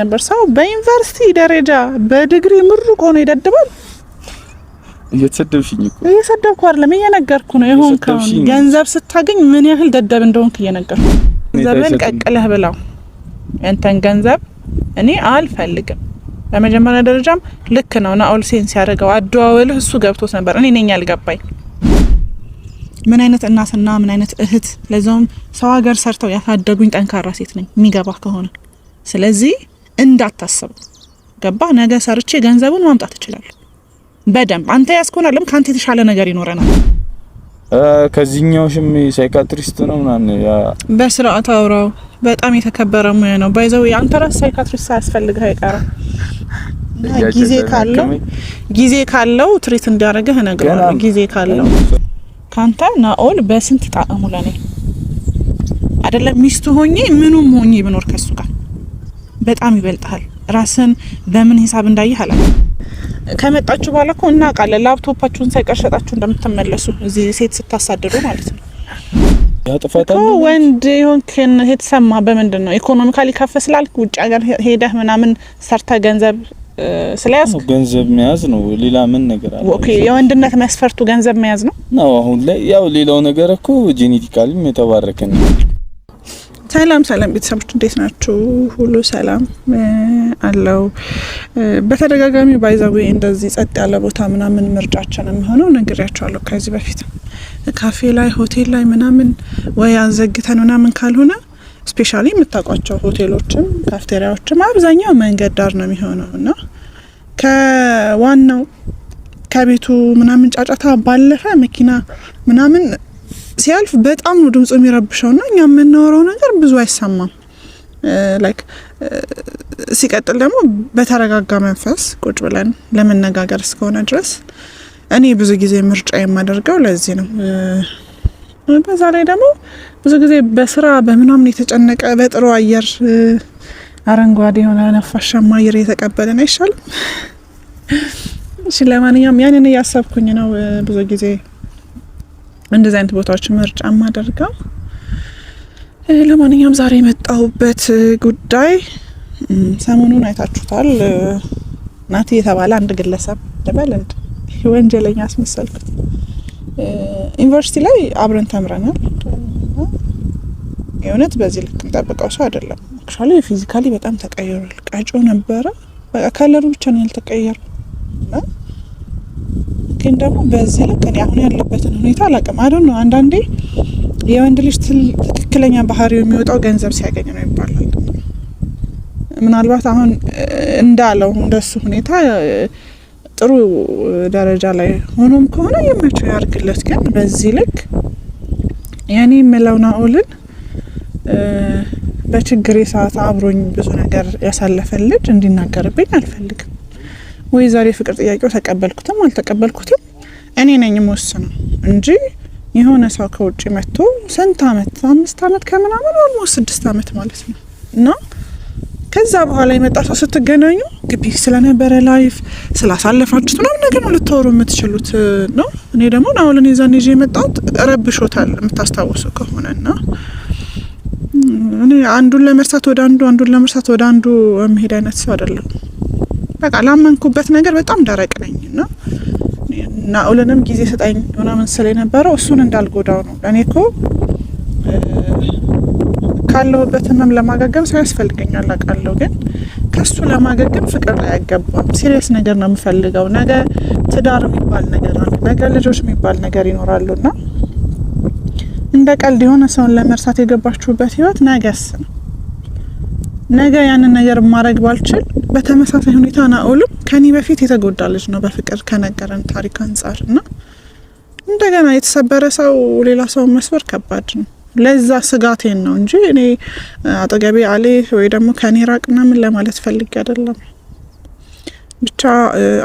ነበር። ሰው በዩኒቨርሲቲ ደረጃ በዲግሪ ምሩቅ ሆኖ ይደድባል። እየተሰደብሽኝ እኮ እየሰደብኩ አይደለም፣ እየነገርኩ ነው። ይሁን ከሆነ ገንዘብ ስታገኝ ምን ያህል ደደብ እንደሆንክ እየነገርኩ ገንዘብን ቀቅለህ ብላው። ያንተን ገንዘብ እኔ አልፈልግም። በመጀመሪያ ደረጃም ልክ ነው ናኦል ሴንስ ያደረገው አደዋወልህ እሱ ገብቶት ነበር። እኔ ነኝ ያልገባኝ። ምን አይነት እናትና ምን አይነት እህት፣ ለዛውም ሰው ሀገር ሰርተው ያሳደጉኝ ጠንካራ ሴት ነኝ የሚገባ ከሆነ ስለዚህ እንዳታስበው። ገባ ነገ ሰርቼ ገንዘቡን ማምጣት እችላለሁ። በደንብ አንተ ያስኮናለም ከአንተ የተሻለ ነገር ይኖረናል። ከዚህኛው ሽም ሳይካትሪስት ነው ምናምን በስርዓት አውራው። በጣም የተከበረ ሙያ ነው። ባይዘው አንተ ራስ ሳይካትሪስት ሳያስፈልግህ አይቀርም። ጊዜ ካለው ጊዜ ካለው ትሪት እንዲያደርግህ እነግርሃለሁ። ጊዜ ካለው ካንተ ናኦል በስንት ጣዕሙ ለኔ አይደለም ሚስቱ ሆኜ ምኑም ሆኜ ብኖር ከሱ በጣም ይበልጣል። ራስን በምን ሂሳብ እንዳየህ አላ ከመጣችሁ በኋላ እኮ እናውቃለን። ላፕቶፓችሁን ሳይቀር ሸጣችሁ እንደምትመለሱ እዚህ ሴት ስታሳድሩ ማለት ነው። ወንድ የሆንክን የተሰማ በምንድን ነው? ኢኮኖሚካሊ ከፍ ስላልክ ውጭ ሀገር ሄደህ ምናምን ሰርተ ገንዘብ ስለያዝ ገንዘብ መያዝ ነው። ሌላ ምን ነገር አለ? ኦኬ የወንድነት መስፈርቱ ገንዘብ መያዝ ነው ነው አሁን ላይ ያው ሌላው ነገር እኮ ጄኔቲካሊም የተባረከ ነው። ሰላም ሰላም ቤተሰቦች እንዴት ናችሁ? ሁሉ ሰላም አለው። በተደጋጋሚ ባይዛዊ እንደዚህ ጸጥ ያለ ቦታ ምናምን ምርጫችን የሚሆነው ነግሬያቸዋለሁ። ከዚህ በፊት ካፌ ላይ ሆቴል ላይ ምናምን ወይ አንዘግተን ምናምን ካልሆነ ስፔሻሊ የምታውቋቸው ሆቴሎችም ካፍቴሪያዎችም አብዛኛው መንገድ ዳር ነው የሚሆነው እና ከዋናው ከቤቱ ምናምን ጫጫታ ባለፈ መኪና ምናምን ሲያልፍ በጣም ነው ድምፁ የሚረብሸው እና እኛ የምናወራው ነገር ብዙ አይሰማም። ላይክ ሲቀጥል ደግሞ በተረጋጋ መንፈስ ቁጭ ብለን ለመነጋገር እስከሆነ ድረስ እኔ ብዙ ጊዜ ምርጫ የማደርገው ለዚህ ነው። በዛ ላይ ደግሞ ብዙ ጊዜ በስራ በምናምን የተጨነቀ በጥሩ አየር አረንጓዴ የሆነ ነፋሻማ አየር የተቀበለን አይሻልም? እሺ፣ ለማንኛውም ያንን እያሰብኩኝ ነው ብዙ ጊዜ እንደዚህ አይነት ቦታዎች ምርጫ ማደርገው። ለማንኛውም ዛሬ የመጣሁበት ጉዳይ ሰሞኑን አይታችሁታል። ናቲ የተባለ አንድ ግለሰብ ልበል ወንጀለኛ አስመሰልኩት። ዩኒቨርሲቲ ላይ አብረን ተምረናል። የእውነት በዚህ ልክ የምጠብቀው ሰው አይደለም። አክቹዋሊ ፊዚካሊ በጣም ተቀይሯል። ቀጮ ነበረ፣ በቃ ከለሩ ብቻ ነው ያልተቀየረው። ግን ደግሞ በዚህ ልክ እኔ አሁን ያለበትን ሁኔታ አላቅም። አዶን ነው አንዳንዴ የወንድ ልጅ ትክክለኛ ባህሪው የሚወጣው ገንዘብ ሲያገኝ ነው ይባላል። ምናልባት አሁን እንዳለው እንደሱ ሁኔታ ጥሩ ደረጃ ላይ ሆኖም ከሆነ የመቸው ያርግለት። ግን በዚህ ልክ የኔ የምለው ናኦልን በችግሬ ሰዓት አብሮኝ ብዙ ነገር ያሳለፈ ልጅ እንዲናገርብኝ አልፈልግም። ወይ ዛሬ ፍቅር ጥያቄው ተቀበልኩትም አልተቀበልኩትም እኔ ነኝ የምወስነው እንጂ የሆነ ሰው ከውጭ መጥቶ ስንት አመት አምስት አመት ከምናምን ኦልሞስት ስድስት አመት ማለት ነው እና ከዛ በኋላ የመጣ ሰው ስትገናኙ ግቢ ስለነበረ ላይፍ ስላሳለፋችሁት ምናምን ነገር ነው ልታወሩ የምትችሉት ነው። እኔ ደግሞ ናውልን የዛን ይዤ የመጣሁት ረብሾታል የምታስታውሱ ከሆነ እና እኔ አንዱን ለመርሳት ወደ አንዱ አንዱን ለመርሳት ወደ አንዱ መሄድ አይነት ሰው አይደለም። በቃ ላመንኩበት ነገር በጣም ደረቅ ነኝ እና ናኦልንም ጊዜ ስጠኝ ምናምን ስል የነበረው እሱን እንዳልጎዳው ነው። ለእኔ እኮ ካለሁበት ህመም ለማገገም ሰው ያስፈልገኛል አውቃለሁ። ግን ከሱ ለማገገም ፍቅር አያገባም። ሲሪየስ ነገር ነው የምፈልገው። ነገ ትዳር የሚባል ነገር አለ፣ ነገ ልጆች የሚባል ነገር ይኖራሉ እና እንደ ቀልድ የሆነ ሰውን ለመርሳት የገባችሁበት ህይወት ነገስ ነው ነገ ያንን ነገር ማድረግ ባልችል በተመሳሳይ ሁኔታ ናኦልም ከኔ በፊት የተጎዳ ልጅ ነው በፍቅር ከነገረን ታሪክ አንጻር እና እንደገና የተሰበረ ሰው ሌላ ሰው መስበር ከባድ ነው። ለዛ ስጋቴን ነው እንጂ እኔ አጠገቤ አሌ ወይ ደግሞ ከኔ ራቅ ምናምን ለማለት ፈልጌ አይደለም። ብቻ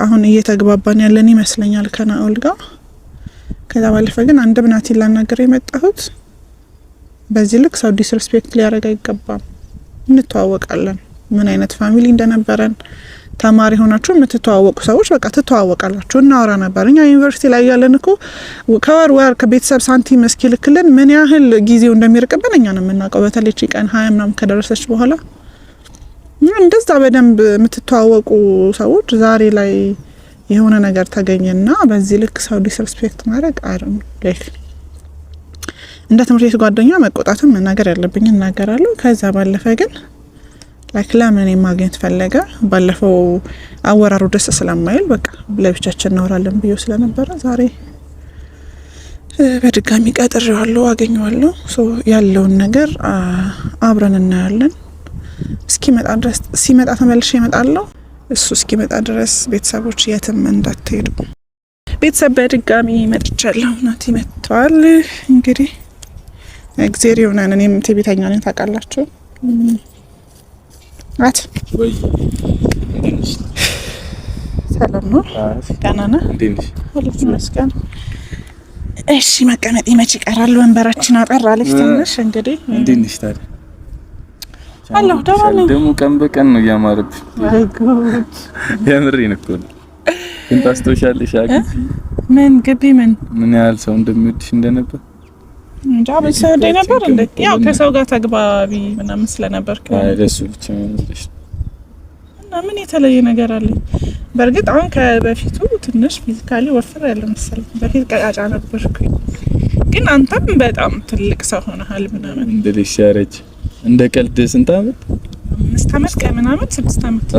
አሁን እየተግባባን ያለን ይመስለኛል ከናኦል ጋር። ከዛ ባለፈ ግን አንድ ብናቴን ላናገር የመጣሁት በዚህ ልክ ሰው ዲስሪስፔክት ሊያደርግ አይገባም። እንተዋወቃለን። ምን አይነት ፋሚሊ እንደነበረን ተማሪ ሆናችሁ የምትተዋወቁ ሰዎች በቃ ትተዋወቃላችሁ። እናወራ ነበር። እኛ ዩኒቨርሲቲ ላይ ያለን እኮ ከወር ወር ከቤተሰብ ሳንቲም እስኪልክልን ምን ያህል ጊዜው እንደሚርቅብን እኛ ነው የምናውቀው። በተለይ ቀን ሀያ ምናምን ከደረሰች በኋላ እንደዛ በደንብ የምትተዋወቁ ሰዎች ዛሬ ላይ የሆነ ነገር ተገኘና በዚህ ልክ ሰው ዲስርስፔክት ማድረግ አር እንደ ትምህርት ቤት ጓደኛ መቆጣትም መናገር ያለብኝ እናገራለሁ። ከዛ ባለፈ ግን ላይክ ለምን ማግኘት ፈለገ ባለፈው አወራሩ ደስ ስለማይል በቃ ለብቻችን እናወራለን ብዬ ስለነበረ ዛሬ በድጋሚ ቀጥሬዋለሁ፣ አገኘዋለሁ። ያለውን ነገር አብረን እናያለን። እስኪመጣ ድረስ ሲመጣ ተመልሼ እመጣለሁ። እሱ እስኪመጣ ድረስ ቤተሰቦች የትም እንዳትሄዱ። ቤተሰብ በድጋሚ መጥቻለሁ። ናቲ መጥተዋል እንግዲህ እግዜር ይሆናል። እኔም ትዕቢተኛ ነኝ ታውቃላችሁ። አት ሰላም ነው? ደህና ነህ? ሁለት ይመስገን። እሺ መቀመጥ ይመች ይቀራል። ወንበራችን አጠር አለች ትንሽ። እንግዲህ እንዴት ነሽ ታዲያ? አለሁ ደህና ነኝ። ደግሞ ቀን በቀን ነው እያማረብሽ። የምሬን እኮ ነው። ግን ታስታውሻለሽ ምን ግቢ ምን ምን ያህል ሰው እንደሚወድሽ እንደነበር እንጃ ነበር እንዴ? ያው ከሰው ጋር ተግባቢ ምናምን ስለነበር ብቻ እና ምን የተለየ ነገር አለ? በእርግጥ አሁን ከበፊቱ ትንሽ ፊዚካሊ ወፍር ያለ መሰለኝ። በፊት ቀጫጫ ነበርኩኝ፣ ግን አንተም በጣም ትልቅ ሰው ሆነሃል ምናምን። እንዴት ሲያረጅ እንደ ቀልድ ስንት አመት? አምስት አመት ከምናምን ስድስት አመት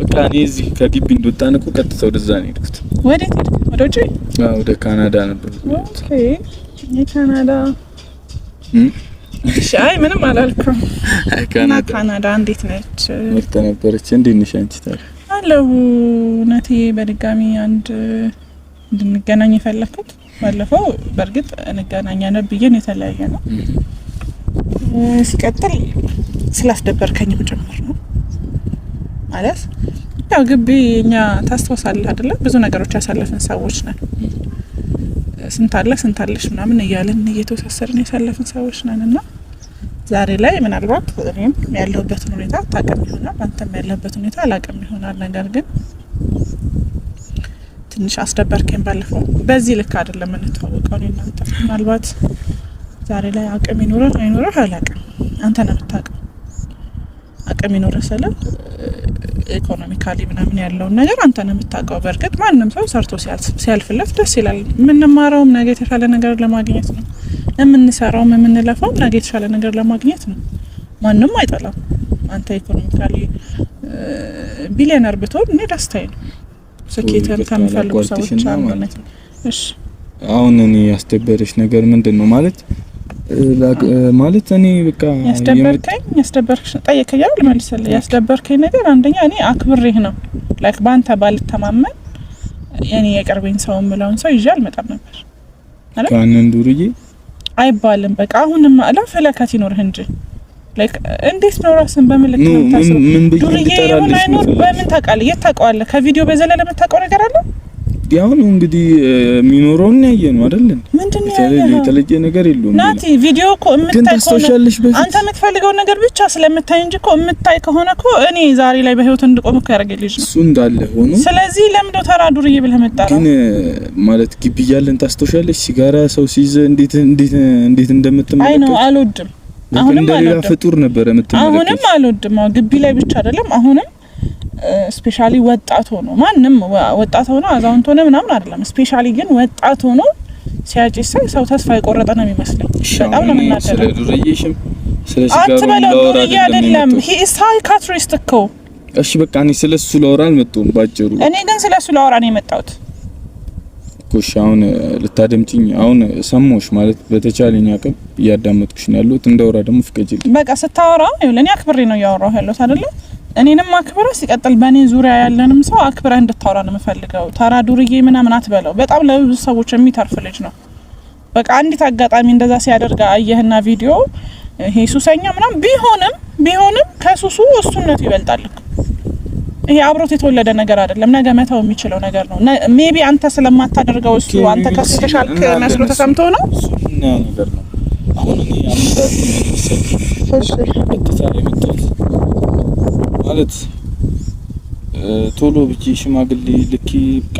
በቃ እኔ እዚህ ከግቢ እንደወጣን እኮ ቀጥታ ወደዛ ነው የሄድኩት። ወደ ወደ ውጭ ወደ ካናዳ ነበር። ኦኬ የካናዳ ሻይ ምንም አላልኩም። እና ካናዳ እንዴት ነች? ምርጥ ነበረች። እንዴት ነሽ አንቺ? ታዲያ አለሁ እውነቴ። በድጋሚ አንድ እንድንገናኝ የፈለኩት ባለፈው፣ በእርግጥ እንገናኛለን ብዬን የተለያየ ነው። ሲቀጥል ስላስደበርከኝ ጭምር ነው ማለት ያው ግቢ እኛ ታስታውሳለህ አይደለም? ብዙ ነገሮች ያሳለፍን ሰዎች ነን። ስንታለ ስንታለሽ ምናምን እያለን እየተወሳሰርን ያሳለፍን ሰዎች ነን እና ዛሬ ላይ ምናልባት እኔም ያለሁበትን ሁኔታ ታቅም ይሆናል፣ አንተም ያለህበትን ሁኔታ አላቅም ይሆናል። ነገር ግን ትንሽ አስደበርከኝ። ባለፈው በዚህ ልክ አይደለም የምንተዋወቀው እኔ ምናልባት ዛሬ ላይ አቅም ይኖረህ አይኖረህ አላቅም፣ አንተ ነው የምታውቀው። አቅም ይኖረህ ስለ ኢኮኖሚካሊ ምናምን ያለውን ነገር አንተ ነው የምታውቀው። በእርግጥ ማንም ሰው ሰርቶ ሲያልፍለት ደስ ይላል። የምንማረውም ነገ የተሻለ ነገር ለማግኘት ነው። የምንሰራውም የምንለፋውም ነገ የተሻለ ነገር ለማግኘት ነው። ማንም አይጠላም። አንተ ኢኮኖሚካሊ ቢሊዮነር ብትሆን እኔ ደስታዬ ነው። ስኬትን ከሚፈልጉ ሰዎች አንዱ ነኝ። አሁን እኔ ያስደበረች ነገር ምንድን ነው ማለት ማለት እኔ በቃ ያስደበርከኝ ያስደበርክሽ ጠየቀኝ አይደል? መልሰልኝ። ያስደበርከኝ ነገር አንደኛ እኔ አክብሬህ ነው ላይክ በአንተ ባልተማመን እኔ የቅርቤን ሰው የምለውን ሰው ይዤ አልመጣም ነበር። ካንን ዱርዬ አይባልም። በቃ አሁንም አላ ፈለካት ይኖርህ እንጂ ላይክ እንዴት ነው ራስን በምልክ ነው ታሰብ ዱርዬ ይሁን አይኖር በምን ታውቃለህ? የት ታውቀዋለህ? ከቪዲዮ በዘለለ የምታውቀው ነገር አለ ያው ነው እንግዲህ የሚኖረውን ያየ ነው አይደል? ምንድነው የተለየ ነገር የለውም። ናቲ ቪዲዮ እኮ የምታይ ከሆነ አንተ የምትፈልገው ነገር ብቻ ስለምታይ እንጂ እኮ የምታይ ከሆነ እኮ እኔ ዛሬ ላይ በህይወት እንድቆም እኮ ያደረገ ልጅ ነው እሱ እንዳለ ሆኖ። ስለዚህ ለምዶ ተራ ዱርዬ ብለህ መጣ ግን ማለት ግቢ እያለን ታስታውሻለሽ፣ ሲጋራ ሰው ሲይዝ እንዴት እንዴት እንዴት እንደምትመለከት አይ ነው አልወድም። አሁንም አልወድም። ፍጡር ነበር የምትመለከት አሁንም አልወድም። ግቢ ላይ ብቻ አይደለም አሁንም ስፔሻሊ ወጣት ሆኖ ማንም ወጣት ሆኖ አዛውንት ሆነ ምናምን አይደለም። ስፔሻሊ ግን ወጣት ሆኖ ሲያጭስ ሰው ተስፋ የቆረጠ ነው የሚመስለኝ። በጣም ነው የምናደርገው። አትበለው ዱርዬ አይደለም። ሂ ሳይካትሪስት እኮ እሺ በቃ እኔ ስለ ስለሱ ላወራ አልመጣሁም። ባጭሩ እኔ ግን ስለ ስለሱ ላወራ ነው የመጣሁት ኩሽ አሁን ልታደምጭኝ አሁን ሰሞሽ ማለት በተቻለኝ አቅም እያዳመጥኩሽ ነው ያለሁት። እንዳወራ ደግሞ ፍቀጂልኝ። በቃ ስታወራ ይኸውልህ እኔ አክብሬ ነው እያወራሁ ያለሁት አይደለም እኔንም አክብረ ሲቀጥል በእኔ ዙሪያ ያለንም ሰው አክብረ እንድታወራ ነው የምፈልገው። ተራ ዱርዬ ምናምን አትበለው። በጣም ለብዙ ሰዎች የሚተርፍ ልጅ ነው። በቃ አንዲት አጋጣሚ እንደዛ ሲያደርግ አየህና ቪዲዮ ይሄ ሱሰኛ ምናምን ቢሆንም ቢሆንም ከሱሱ እሱነቱ ይበልጣል። ይሄ አብሮት የተወለደ ነገር አይደለም። ነገ መተው የሚችለው ነገር ነው። ሜቢ አንተ ስለማታደርገው እሱ አንተ ከሱ የተሻልክ መስሎ ተሰምቶ ነው አሁን እኔ ነው ሰ ማለት ቶሎ ብዬ ሽማግሌ ልኪ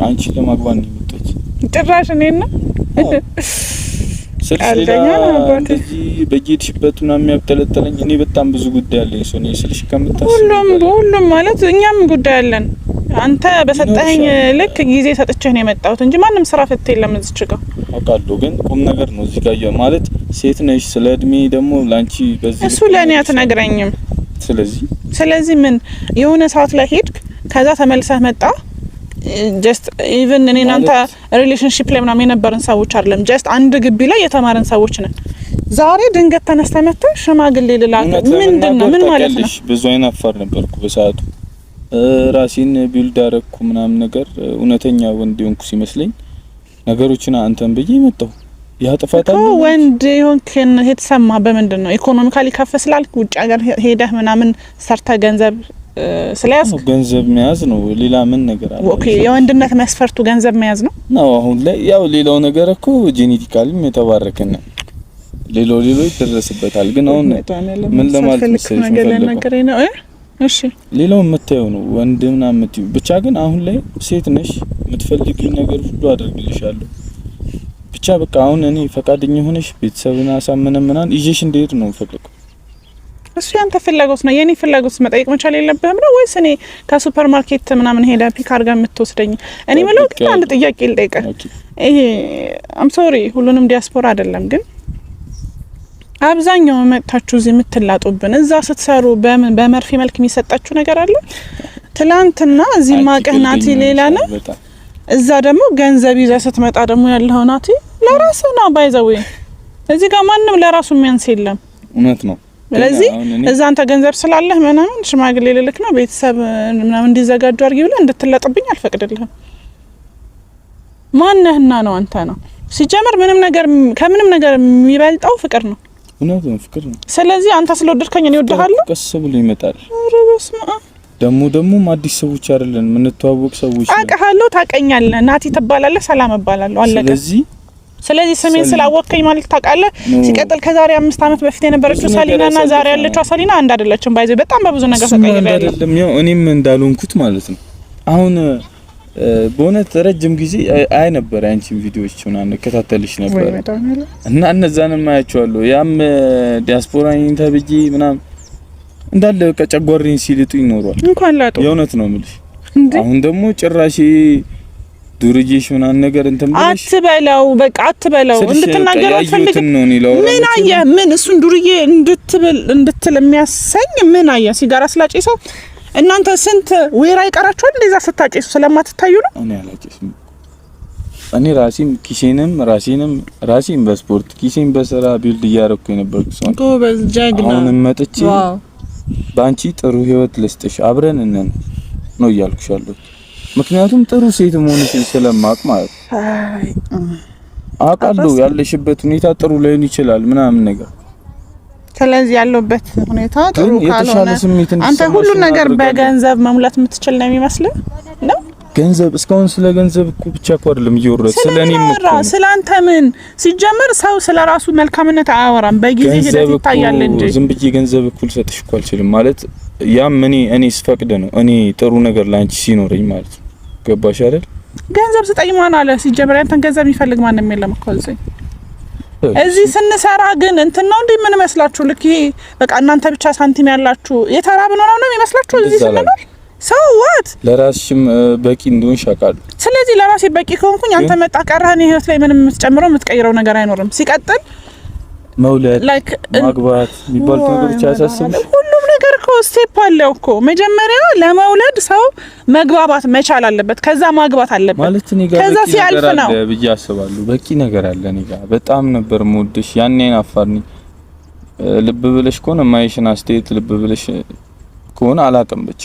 አንቺን ለማግባት ነው የመጣች። ጭራሽ እኔን ነው ስልሽ ሌላ እንደዚህ በጌድሽበት ምናምን የሚያብጠለጠለኝ። እኔ በጣም ብዙ ጉዳይ አለኝ ሰው እኔ ስልሽ ከምታስብ ሁሉም ሁሉም ማለት እኛም ጉዳይ አለን። አንተ በሰጠኸኝ ልክ ጊዜ ሰጥቼህ ነው የመጣሁት እንጂ ማንም ስራ ፈት የለም እዚች ጋር አውቃለሁ። ግን ቁም ነገር ነው እዚህ ጋር ማለት ሴት ነሽ። ስለ እድሜ ደግሞ ለአንቺ በዚህ እሱ ለእኔ አትነግረኝም። ስለዚህ ስለዚህ ምን የሆነ ሰዓት ላይ ሄድክ፣ ከዛ ተመልሰህ መጣ። ጀስት ኢቨን እኔ እናንተ ሪሌሽንሽፕ ላይ ምናምን የነበርን ሰዎች አይደለም፣ ጀስት አንድ ግቢ ላይ የተማረን ሰዎች ነን። ዛሬ ድንገት ተነስተ መጥተ ሽማግሌ ልላክ ምንድን ነው? ምን ማለት ነው? ብዙ አይነት አፋር ነበርኩ በሰዓቱ ራሴን ቢልድ አረግኩ ምናምን ነገር እውነተኛ ወንድ ሆንኩ ሲመስለኝ ነገሮችን አንተን ብዬ መጣሁ። ያጥፋታ ወንድ ይሆንክን የተሰማ በምንድን ነው? ኢኮኖሚካሊ ከፍ ስላልክ ውጭ ሀገር ሄደህ ምናምን ሰርተ ገንዘብ ስለያዝ ገንዘብ መያዝ ነው። ሌላ ምን ነገር አለ? ኦኬ የወንድነት መስፈርቱ ገንዘብ መያዝ ነው ነው አሁን ላይ ያው ሌላው ነገር እኮ ጄኔቲካሊም የተባረከ ነው። ሌሎ ሌሎ ይደረስበታል። ግን አሁን ምን ለማለት ነው? እሺ ሌላው የምታየው ነው ወንድ ምናምን የምትይው ብቻ። ግን አሁን ላይ ሴት ነሽ፣ የምትፈልጊው ነገር ሁሉ አደርግልሻለሁ በቃ አሁን እኔ ፈቃደኛ ሆነሽ ቤተሰብን አሳምነን ምናምን ይዤሽ እንደሄድ ነው የምፈልገው። እሱ ያንተ ፍላጎት ነው። የኔ ፍላጎት መጠየቅ መቻል የለብህም ነው ወይስ እኔ ከሱፐር ማርኬት ምናምን ሄዳ ፒክ አድርጋ የምትወስደኝ? እኔ ምለው ግን አንድ ጥያቄ ልጠይቅ። ይሄ አም ሶሪ ሁሉንም ዲያስፖራ አይደለም ግን አብዛኛው መጥታችሁ እዚህ የምትላጡብን እዛ ስትሰሩ በምን በመርፌ መልክ የሚሰጣችሁ ነገር አለ። ትላንትና እዚህ ማቀህ ናቲ ሌላ ነው፣ እዛ ደግሞ ገንዘብ ይዘህ ስትመጣ ደግሞ ያለው ናቲ ለራስ ነው ባይዘው እዚህ ጋር ማንም ለራሱ የሚያንስ የለም። እውነት ነው። ስለዚህ እዛ አንተ ገንዘብ ስላለህ ምናምን ሽማግሌ ልልክ ነው ቤተሰብ ምናምን እንዲዘጋጁ አድርጊ ብለህ እንድትለጥብኝ አልፈቅድልህም። ማነህና ነው አንተ ነው ሲጀምር ምንም ነገር ከምንም ነገር የሚበልጠው ፍቅር ነው። እውነት ነው፣ ፍቅር ነው። ስለዚህ አንተ ስለወደድከኝ እኔ እወድሃለሁ። ቀስ ብሎ ይመጣል። ኧረ በስመ አብ ደግሞ ደግሞ አዲስ ሰዎች አይደለን የምንተዋወቅ ሰዎች። አውቅሃለሁ፣ ታውቀኛለህ። ናቲ ትባላለህ፣ ሰላም እባላለሁ። አለቀ። ስለዚህ ስለዚህ ስሜን ስላወቅከኝ ማለት ታውቃለህ። ሲቀጥል ከዛሬ አምስት ዓመት በፊት የነበረችው ሳሊና እና ዛሬ ያለችው ሳሊና አንድ አይደለችም። ባይዘ በጣም በብዙ ነገር ተቀይራለች። ያው እኔም እንዳልሆንኩት ማለት ነው። አሁን በእውነት ረጅም ጊዜ አይ ነበር አንቺን ቪዲዮዎች ምናምን እከታተልሽ ነበር እና እነዛንም አያቸዋለሁ። ያም ዲያስፖራ ኢንተርቪጂ ምናምን እንዳለ በቃ ጨጓራዬን ሲልጡ ይኖሯል። እንኳን ላጡ የእውነት ነው የምልሽ። አሁን ደግሞ ጭራሽ ዱርዬሽ ምናምን ነገር እንትን ብለሽ አትበለው፣ በቃ አትበለው። እንድትናገር አትፈልግም። ምን አየህ? ምን እሱን ዱርዬ እንድትብል እንድትል የሚያሰኝ ምን አየህ? ሲጋራ ስላጨሰው እናንተ ስንት ወይራ ይቀራችኋል? እንደዛ ስታጨሱ ስለማትታዩ ነው። እኔ አላጨስም። እኔ ራሴም ኪሴንም ራሴንም ራሴን በስፖርት ኪሴን በስራ ቢልድ እያረኩ የነበርኩ ሰው ጎበዝ፣ ጀግና። አሁን መጥቼ ባንቺ ጥሩ ህይወት ልስጥሽ፣ አብረን እንን ነው እያልኩሻለሁ ምክንያቱም ጥሩ ሴት መሆንሽን ስለማቅ ማለት አውቃለሁ። ያለሽበት ሁኔታ ጥሩ ላይሆን ይችላል ምናምን ነገር ስለዚህ ያለውበት ሁኔታ ጥሩ ካልሆነ አንተ ሁሉ ነገር በገንዘብ መሙላት የምትችል ነው የሚመስልህ ነው። ገንዘብ እስካሁን ስለ ገንዘብ እኮ ብቻ እኮ አይደለም እየወረደ ስለ እኔ ምራ ስለ አንተ ምን ሲጀመር ሰው ስለ ራሱ መልካምነት አያወራም። በጊዜ ሂደት ይታያል እንጂ ዝም ብዬ ገንዘብ እኩ ልሰጥሽ እኮ አልችልም ማለት ያም እኔ እኔ ስፈቅድ ነው እኔ ጥሩ ነገር ላንቺ ሲኖረኝ ማለት ነው ገባሽ አይደል? ገንዘብ ስጠኝ ማን አለ? ሲጀመር ያንተን ገንዘብ የሚፈልግ ማንም የለም እኮ እዚህ እዚህ ስንሰራ ግን እንትን ነው እንዴ? ምን መስላችሁ? ልክ ይሄ በቃ እናንተ ብቻ ሳንቲም ያላችሁ የተራብን ሆነው ነው የሚመስላችሁ እዚህ ስንኖር ሰው ዋት ለራስሽም በቂ እንደሆንሽ አውቃለሁ። ስለዚህ ለራሴ በቂ ከሆንኩኝ አንተ መጣ ቀረህ እኔ ህይወት ላይ ምንም የምትጨምረው የምትቀይረው ነገር አይኖርም። ሲቀጥል መውለድ፣ ማግባት የሚባሉት ነገሮች አያሳስብም? ሁሉም ነገር እኮ ስቴፕ አለው እኮ። መጀመሪያ ለመውለድ ሰው መግባባት መቻል አለበት፣ ከዛ ማግባት አለበት ማለት ጋር ከዛ ሲያልፍ ነው ብዬ አስባለሁ። በቂ ነገር አለ እኔ ጋር። በጣም ነበር የምወድሽ ያኔ ናፋርኝ። ልብ ብለሽ ከሆነ ማይሽን አስተያየት ልብ ብለሽ ከሆነ አላቅም ብቻ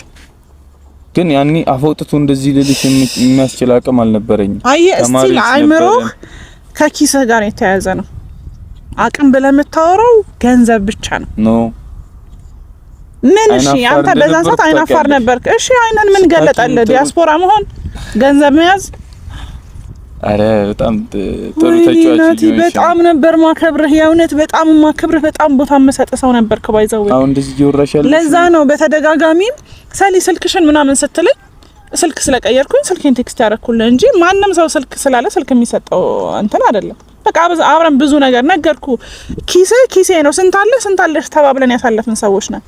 ግን ያኔ አፈውጥቶ እንደዚህ ልልሽ የሚያስችል አቅም አልነበረኝ። አይ እስቲ አይምሮህ ከኪስህ ጋር የተያያዘ ነው አቅም ብለህ የምታወራው ገንዘብ ብቻ ነው። ኖ ምን እሺ፣ አንተ በዛ ሰዓት አይናፋር ነበርክ። እሺ፣ አይነን ምን ገለጠለ? ዲያስፖራ መሆን ገንዘብ መያዝ። አረ በጣም ጥሩ ተጫዋች፣ በጣም ነበር ማከብርህ። የእውነት በጣም ማከብርህ፣ በጣም ቦታ መሰጠ ሰው ነበርክ። ባይዘው አሁን እንደዚህ ይወራሻል። ለዛ ነው በተደጋጋሚ ሰሊ ስልክሽን ምናምን ስትለኝ ስልክ ስለቀየርኩኝ ስልኬን ቴክስት ያደረኩልህ እንጂ ማንም ሰው ስልክ ስላለ ስልክ የሚሰጠው እንትን አይደለም። በቃ አብረን ብዙ ነገር ነገርኩ። ኪሴ ኪሴ ነው ስንታለ ስንታለሽ ተባብለን ያሳለፍን ሰዎች ነን።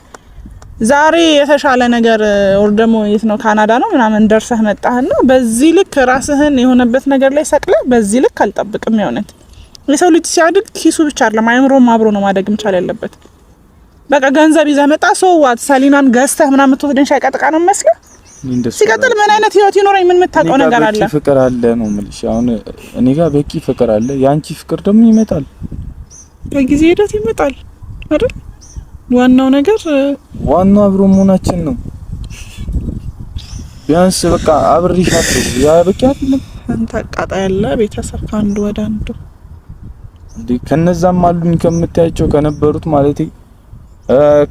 ዛሬ የተሻለ ነገር ወር ደግሞ የት ነው ካናዳ ነው ምናምን ደርሰህ መጣህና በዚህ ልክ ራስህን የሆነበት ነገር ላይ ሰቅለ በዚህ ልክ አልጠብቅም። የሆነት የሰው ልጅ ሲያድግ ኪሱ ብቻ አይደለም አይምሮም አብሮ ነው ማደግ መቻል ያለበት። በቃ ገንዘብ ይዘህ መጣ ሰዋት ሰሊናን ገዝተህ ምናምን ትወስደን ሻይ ቀጥቃ ነው መስለህ ሲቀጥል ምን አይነት ህይወት ይኖረኝ? ምን የምታውቀው ነገር አለ? ፍቅር አለ ነው የምልሽ። አሁን እኔ ጋር በቂ ፍቅር አለ። የአንቺ ፍቅር ደግሞ ይመጣል፣ በጊዜ ሂደት ይመጣል አይደል? ዋናው ነገር ዋናው አብሮ መሆናችን ነው። ቢያንስ በቃ አብሬሻለሁ። ያ በቂ አይደለም። አንተ አቃጣይ ያለ ቤተሰብ ከአንዱ ወደ አንዱ እንዴ ከነዛም አሉኝ ከምታያቸው ከነበሩት ማለቴ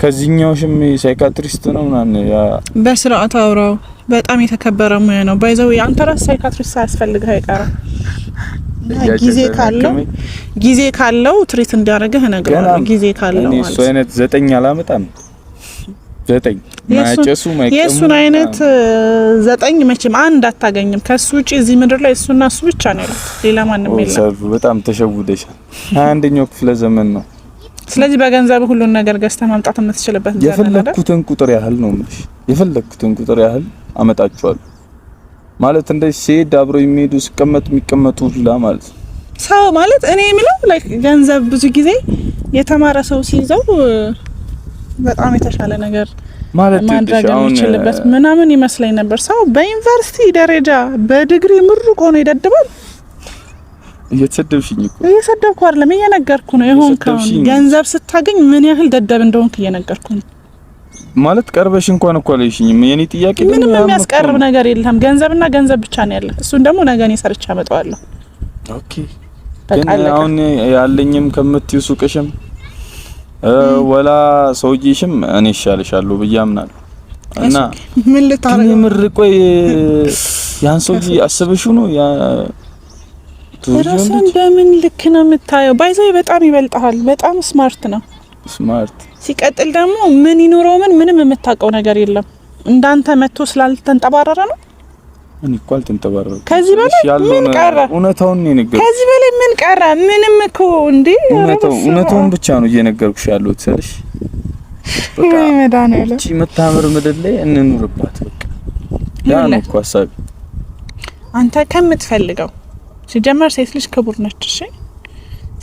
ከዚህኛው ሽም ሳይካትሪስት ነው ምናምን በስርዓት አውራው። በጣም የተከበረ ሙያ ነው። ባይዘው አንተ ራስህ ሳይካትሪስት ሳያስፈልግህ አይቀርም። ጊዜ ካለው ጊዜ ካለው ትሪት እንዲያደርግህ እነግረዋለሁ። ጊዜ ካለው ማለት ነው። እሱ አይነት ዘጠኝ አላመጣም። ዘጠኝ ማጨሱ ማይቀሙ የእሱን አይነት ዘጠኝ መቼም አንድ አታገኝም። ከሱ ውጪ እዚህ ምድር ላይ እሱና እሱ ብቻ ነው ያለው፣ ሌላ ማንም የለም። በጣም ተሸውደሻል። አንደኛው ክፍለ ዘመን ነው ስለዚህ በገንዘብ ሁሉን ነገር ገዝተህ ማምጣት የምትችልበት የፈለግኩትን ቁጥር ያህል ነው የምልሽ። የፈለግኩትን ቁጥር ያህል አመጣችኋለሁ ማለት እንደዚህ ሲሄድ አብረው የሚሄዱ ሲቀመጡ የሚቀመጡ ሁላ ማለት ነው። ሰው ማለት እኔ የምለው ላይክ ገንዘብ ብዙ ጊዜ የተማረ ሰው ሲይዘው በጣም የተሻለ ነገር ማድረግ የሚችልበት ምናምን ይመስለኝ ነበር። ሰው በዩኒቨርሲቲ ደረጃ በዲግሪ ምሩቅ ሆኖ ይደድባል። እየተሰደብሽኝ እኮ እየሰደብኩ አይደለም፣ እየነገርኩ ነው። የሆንከው ገንዘብ ስታገኝ ምን ያህል ደደብ እንደሆንክ እየነገርኩ ነው። ማለት ቀርበሽ እንኳን እኮ አልሽኝም። የኔ ጥያቄ ምንም የሚያስቀርብ ነገር የለም። ገንዘብና ገንዘብ ብቻ ነው ያለ። እሱን ደግሞ ነገ እኔ ሰርቼ አመጣዋለሁ። ኦኬ። ግን አሁን ያለኝም ከምትዩ ሱቅሽም ወላ ሰውዬሽም እኔ ይሻልሻለሁ ብዬ አምናለሁ። እና ምን ልታረግ ምርቆይ ያን ሰውዬ አስበሽው ነው ራስን በምን ልክ ነው የምታየው? ባይዘው በጣም ይበልጣል። በጣም ስማርት ነው። ስማርት ሲቀጥል ደግሞ ምን ይኖረው ምን ምንም የምታውቀው ነገር የለም። እንዳንተ መጥቶ ስላልተንጠባረረ ነው። እኔ እኮ አልተንጠባረረ። ከዚህ በላይ ምን ቀረ? እውነታውን ነው የነገርኩሽ። ከዚህ በላይ ምን ቀረ? ምንም እኮ እንዴ። እውነታውን ብቻ ነው እየነገርኩሽ ያለሁት ስልሽ በቃ እቺ መታመር ምድር ላይ እንኑርባት። በቃ ያ ነው እኮ ሀሳቤ አንተ ከምትፈልገው ሲጀመር ሴት ልጅ ክቡር ነች። እሺ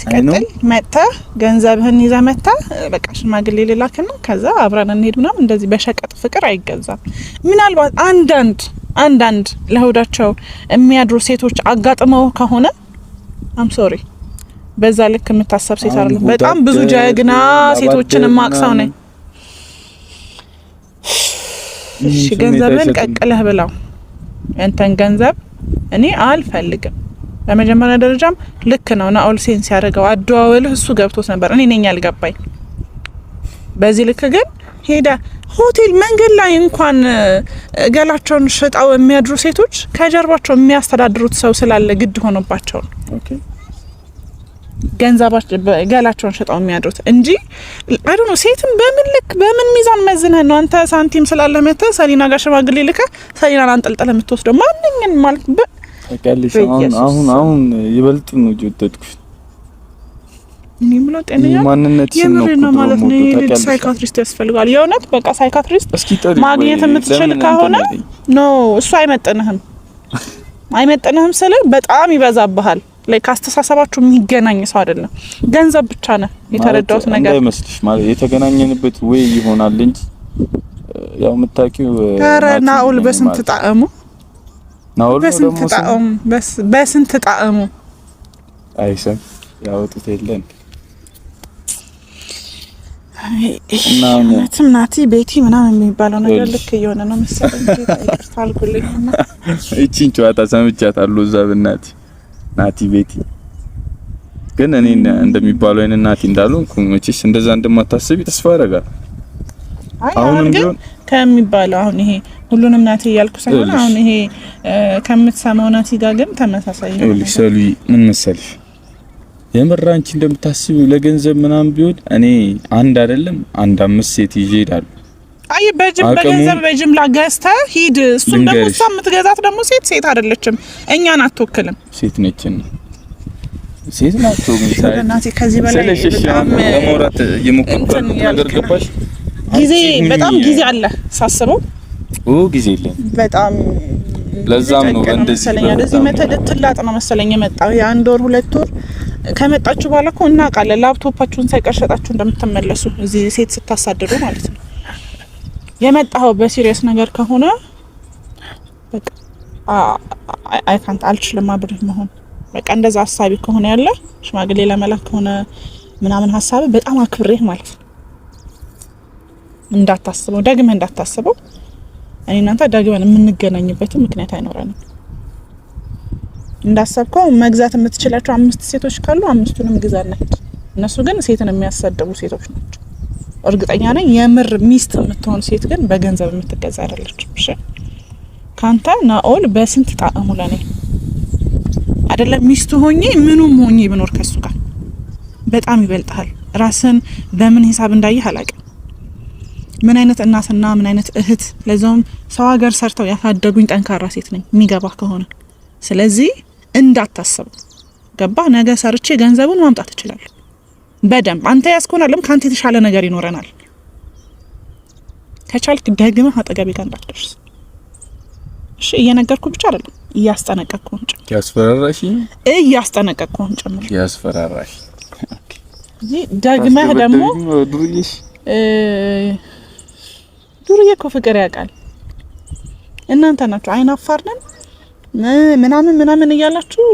ሲቀጥል መታ ገንዘብህን ይዛ መታ በቃ ሽማግሌ ልላክና ከዛ አብረን እንሄድ ምናምን እንደዚህ በሸቀጥ ፍቅር አይገዛም። ምናልባት አንዳንድ አንዳንድ ለሆዳቸው የሚያድሩ ሴቶች አጋጥመው ከሆነ አም ሶሪ በዛ ልክ የምታሰብ ሴት አለ። በጣም ብዙ ጀግና ሴቶችን ማቅሰው ነኝ። እሺ ገንዘብን ቀቅለህ ብላው እንተን ገንዘብ እኔ አልፈልግም በመጀመሪያ ደረጃም ልክ ነው ናኦል ሴንስ ያደረገው አደዋወልህ እሱ ገብቶት ነበር፣ እኔ ነኝ ያልገባኝ። በዚህ ልክ ግን ሄዳ ሆቴል መንገድ ላይ እንኳን ገላቸውን ሽጠው የሚያድሩ ሴቶች ከጀርባቸው የሚያስተዳድሩት ሰው ስላለ ግድ ሆኖባቸው ነው ገንዘባቸው ገላቸውን ሽጠው የሚያድሩት እንጂ አይ ነው። በምን ልክ በምን ሚዛን መዝነህ ነው አንተ ሳንቲም ስላለ መተህ ሰሊና ጋር ሽማግሌ ልከህ ሰሊናን አንጠልጠለ የምትወስደው ማለት ታውቂያለሽ። አሁን አሁን አሁን ይበልጥ ነው ወደድኩሽ። እኔ ጤነኛ ማንነት ነው ማለት ነው። ሳይካትሪስት ያስፈልጋል። የእውነት በቃ ሳይካትሪስት ማግኘት የምትችል ከሆነ ኖ እሱ አይመጥንህም፣ አይመጥንህም ስለ በጣም ይበዛብሃል። ላይ ከአስተሳሰባችሁ የሚገናኝ ሰው አይደለም። ገንዘብ ብቻ ነው የተረዳሁት ነገር እንዳይመስልሽ። ማለት የተገናኘንበት ወይ ይሆናል እንጂ ያው የምታውቂው ኧረ በስንት ጣዕሙ በስንት ጣዕሙ አይሰም ያወጡት የለን እውነትም ናቲ ቤቲ ምናምን የሚባለው ነገር ልክ እየሆነ ነው መሰለኝ። እቺን ጨዋታ ሰምቻታለሁ እዛ ብናቲ ናቲ ቤቲ ግን እኔ እንደሚባለው አይነት ናቲ እንዳሉ ኩምቺስ እንደዛ እንደማታስቢ ተስፋ አደርጋለሁ። አሁንም ቢሆን ከሚባለው አሁን ይሄ ሁሉንም ናቲ እያልኩ ሳይሆን አሁን ይሄ ከምትሰማው ናቲ ጋር ግን ተመሳሳይ ነው። ልጅ ሰሉ ምን መሰልሽ የምር አንቺ እንደምታስቢው ለገንዘብ ምናምን ቢሆን እኔ አንድ አይደለም አንድ አምስት ሴት ይዤ ሄዳለሁ። አይ በጅም በገንዘብ በጅምላ ገዝተህ ሂድ። እሱም ደግሞ እሷ የምትገዛት ደግሞ ሴት ሴት አይደለችም፣ እኛን አትወክልም። ሴት ነች ነው ሴት ናት። እናቴ ከዚህ በላይ በጣም ለመውራት የሞከርኩት ጊዜ በጣም ጊዜ አለ ሳስበው ጊዜ የለም በጣም ለዛም ነው እንደዚህ ስለዚህ መተደትላጥ ነው መሰለኝ የመጣው የአንድ ወር ሁለት ወር ከመጣችሁ በኋላ እኮ እናውቃለን። ላፕቶፓችሁን ሳይቀር ሸጣችሁ እንደምትመለሱ እዚህ ሴት ስታሳድሩ ማለት ነው። የመጣኸው በሲሪየስ ነገር ከሆነ በቃ አይ ካንት አልችልም አብሬ መሆን በቃ እንደዛ ሀሳቢ ከሆነ ያለ ሽማግሌ ለመላክ ከሆነ ምናምን ሀሳብ በጣም አክብሬህ ማለት ነው። እንዳታስበው ደግመህ እንዳታስበው እኔ እናንተ ደግመን የምንገናኝበት ምክንያት አይኖረንም። እንዳሰብከው መግዛት የምትችላቸው አምስት ሴቶች ካሉ አምስቱንም ግዛነት። እነሱ ግን ሴትን የሚያሳድቡ ሴቶች ናቸው። እርግጠኛ ነኝ የምር ሚስት የምትሆን ሴት ግን በገንዘብ የምትገዛ አይደለችም። እሺ ካንተ ናኦል በስንት ጣዕሙ ለኔ አይደለም ሚስቱ ሆኜ ምኑም ሆኜ ብኖር ከሱ ጋር በጣም ይበልጣል። ራስን በምን ሂሳብ እንዳየህ አላውቅም። ምን አይነት እናትና ምን አይነት እህት ለዛውም ሰው ሀገር ሰርተው ያሳደጉኝ ጠንካራ ሴት ነኝ የሚገባ ከሆነ ስለዚህ እንዳታሰቡ ገባ ነገ ሰርቼ ገንዘቡን ማምጣት እችላለሁ በደንብ አንተ ያስኮናለም ከአንተ የተሻለ ነገር ይኖረናል ከቻልክ ደግመህ አጠገቤ ጋር እንዳትደርስ እሺ እየነገርኩ ብቻ አይደለም እያስጠነቀቅኩን ጭምር ያስፈራራሽ እያስጠነቀቅኩህም ጭምር ያስፈራራሽ ደግመህ ደግሞ ዱርዬ እኮ ፍቅር ያውቃል። እናንተ ናችሁ አይን አፋርነን ምናምን ምናምን እያላችሁ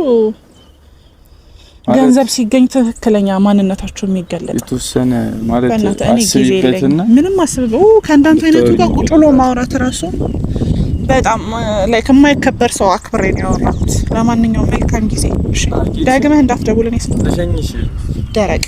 ገንዘብ ሲገኝ ትክክለኛ ማንነታችሁ የሚገለጥ የተወሰነ ማለት አስቢበትና ምንም አስብ ከእንዳንተ አይነቱ ጋር ቁጭ ብሎ ማውራት ራሱ በጣም ላይክ የማይከበር ሰው አክብሬ ነው ያወራሁት። ለማንኛውም መልካም ጊዜ። እሺ፣ ደግመህ እንዳትደውል እኔ ስልክ ደረቅ